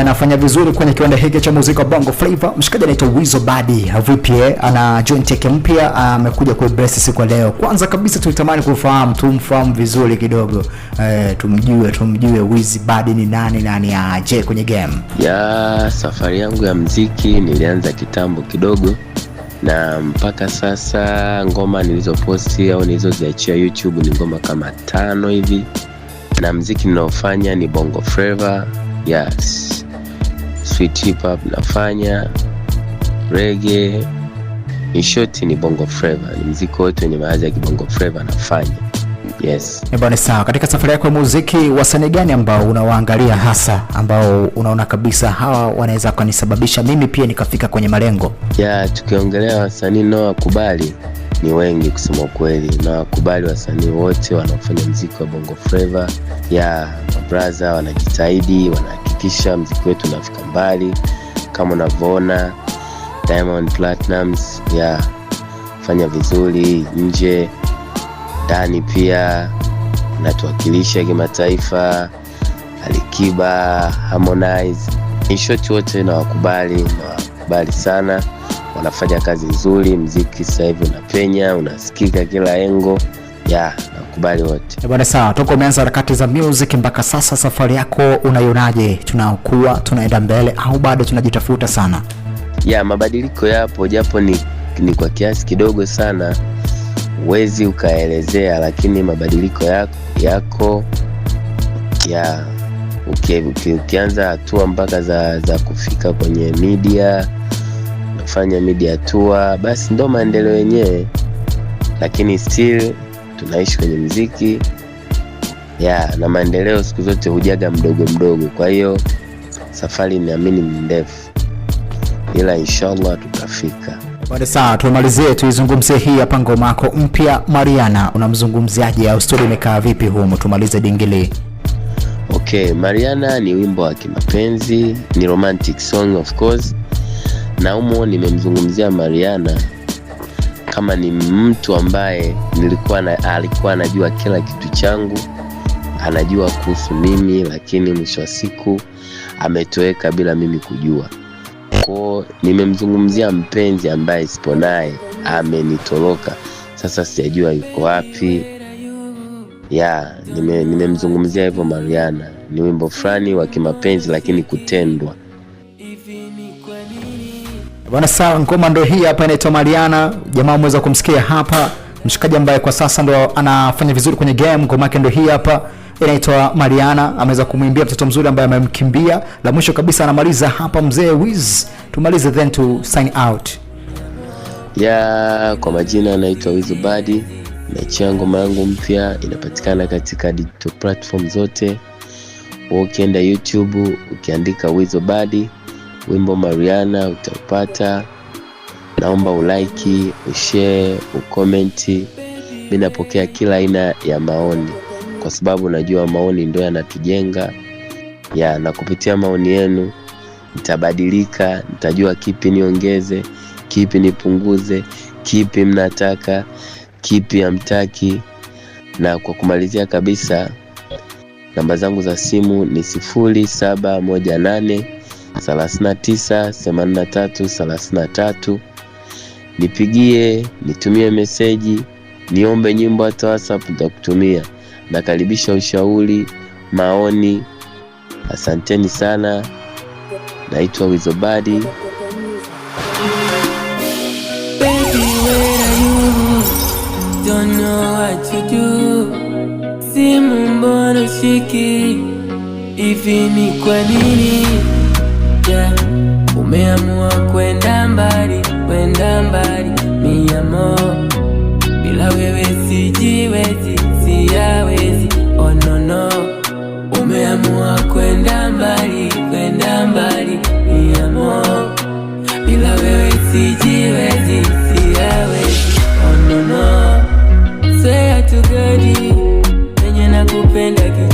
Anafanya vizuri kwenye kiwanda hiki cha muziki wa Bongo Flava. Mshikaji anaitwa Wizo Badi. Uh, Vipi eh? Ana joint yake mpya uh, amekuja ku bless siku ya leo. Kwanza kabisa tulitamani kufahamu, tumfahamu vizuri kidogo. Eh, tumjue, tumjue Wizo Badi ni nani na ni aje kwenye game. Ya safari yangu ya mziki nilianza kitambo kidogo na mpaka sasa ngoma nilizoposti au nilizoziachia YouTube ni ngoma kama tano hivi. Na mziki ninaofanya ni Bongo Flava. Yes sweet hip hop nafanya, reggae, in short ni bongo freva ni muziki wote wenye maadhi ya kibongo freva nafanya. Yes. Eh, bwana sawa, katika safari yako ya muziki wasanii gani ambao unawaangalia hasa ambao unaona kabisa hawa wanaweza kanisababisha mimi pia nikafika kwenye malengo? Ya, tukiongelea wasanii nawakubali ni wengi kusema ukweli, na wakubali wasanii wote wanaofanya mziki wa bongo freva Ya, mabraza wanajitahidi wana kuhakikisha mziki wetu unafika mbali kama unavyoona Diamond platinums ya fanya vizuri nje ndani, pia natuwakilisha kimataifa. Alikiba, Harmonize, in short wote na wakubali na wakubali sana, wanafanya kazi nzuri. Mziki sasa hivi unapenya, unasikika kila engo ya tunakubali wote eh, bwana. Sawa, toka umeanza harakati za music mpaka sasa, safari yako unaionaje? Tunakuwa tunaenda mbele au bado tunajitafuta sana? Ya mabadiliko yapo, japo ni, ni kwa kiasi kidogo sana, huwezi ukaelezea, lakini mabadiliko yako, yako ya uki, uki, ukianza hatua mpaka za, za kufika kwenye media nafanya media tour, basi ndo maendeleo yenyewe, lakini still tunaishi kwenye mziki ya na maendeleo siku zote hujaga mdogo mdogo. Kwa hiyo safari naamini ni ndefu, ila inshallah tutafika. Bado saa tumalizie tuizungumzie hii hapa ngoma yako mpya Mariana, unamzungumziaje au story imekaa vipi humo? Tumalize dingili. Okay, Mariana ni wimbo wa kimapenzi, ni romantic song of course, na humo nimemzungumzia Mariana kama ni mtu ambaye nilikuwa na, alikuwa anajua kila kitu changu, anajua kuhusu mimi, lakini mwisho wa siku ametoweka bila mimi kujua. koo nimemzungumzia mpenzi ambaye sipo naye, amenitoroka, sasa sijajua yuko wapi. Ya, nimemzungumzia nime hivyo Mariana, ni wimbo fulani wa kimapenzi, lakini kutendwa Bwana sawa, ngoma ndo hii hapa inaitwa Mariana. Jamaa mweza kumsikia hapa, mshikaji ambaye kwa sasa ndo anafanya vizuri kwenye game. Ngoma yake ndo hii hapa inaitwa Mariana. Ameweza kumwimbia mtoto mzuri ambaye amemkimbia. La mwisho kabisa anamaliza hapa mzee Wiz, tumalize then to sign out ya Kwa majina anaitwa Wiz Badi, na ngoma yangu mpya inapatikana katika digital platform zote, ukienda YouTube ukiandika Wiz Wizbadi wimbo Mariana utaupata. Naomba ulike, ushare, ukomenti. Mi napokea kila aina ya maoni, kwa sababu najua maoni ndio yanatujenga ya, na kupitia maoni yenu nitabadilika, nitajua kipi niongeze, kipi nipunguze, kipi mnataka, kipi hamtaki. Na kwa kumalizia kabisa, namba zangu za simu ni sifuri saba moja nane 39 nipigie, nitumie meseji, niombe nyimbo, hata WhatsApp nitakutumia. Nakaribisha ushauri, maoni. Asanteni sana. Naitwa Wizobadi. Simu mbona shiki hivi, ni kwa nini? yeah. Umeamua kwenda mbali, kwenda mbali mi amor, bila wewe sijiwezi, siyawezi, oh no no. Umeamua kwenda mbali, kwenda mbali mi amor, bila wewe sijiwezi, siyawezi, oh no no. Swear to God, enye nakupenda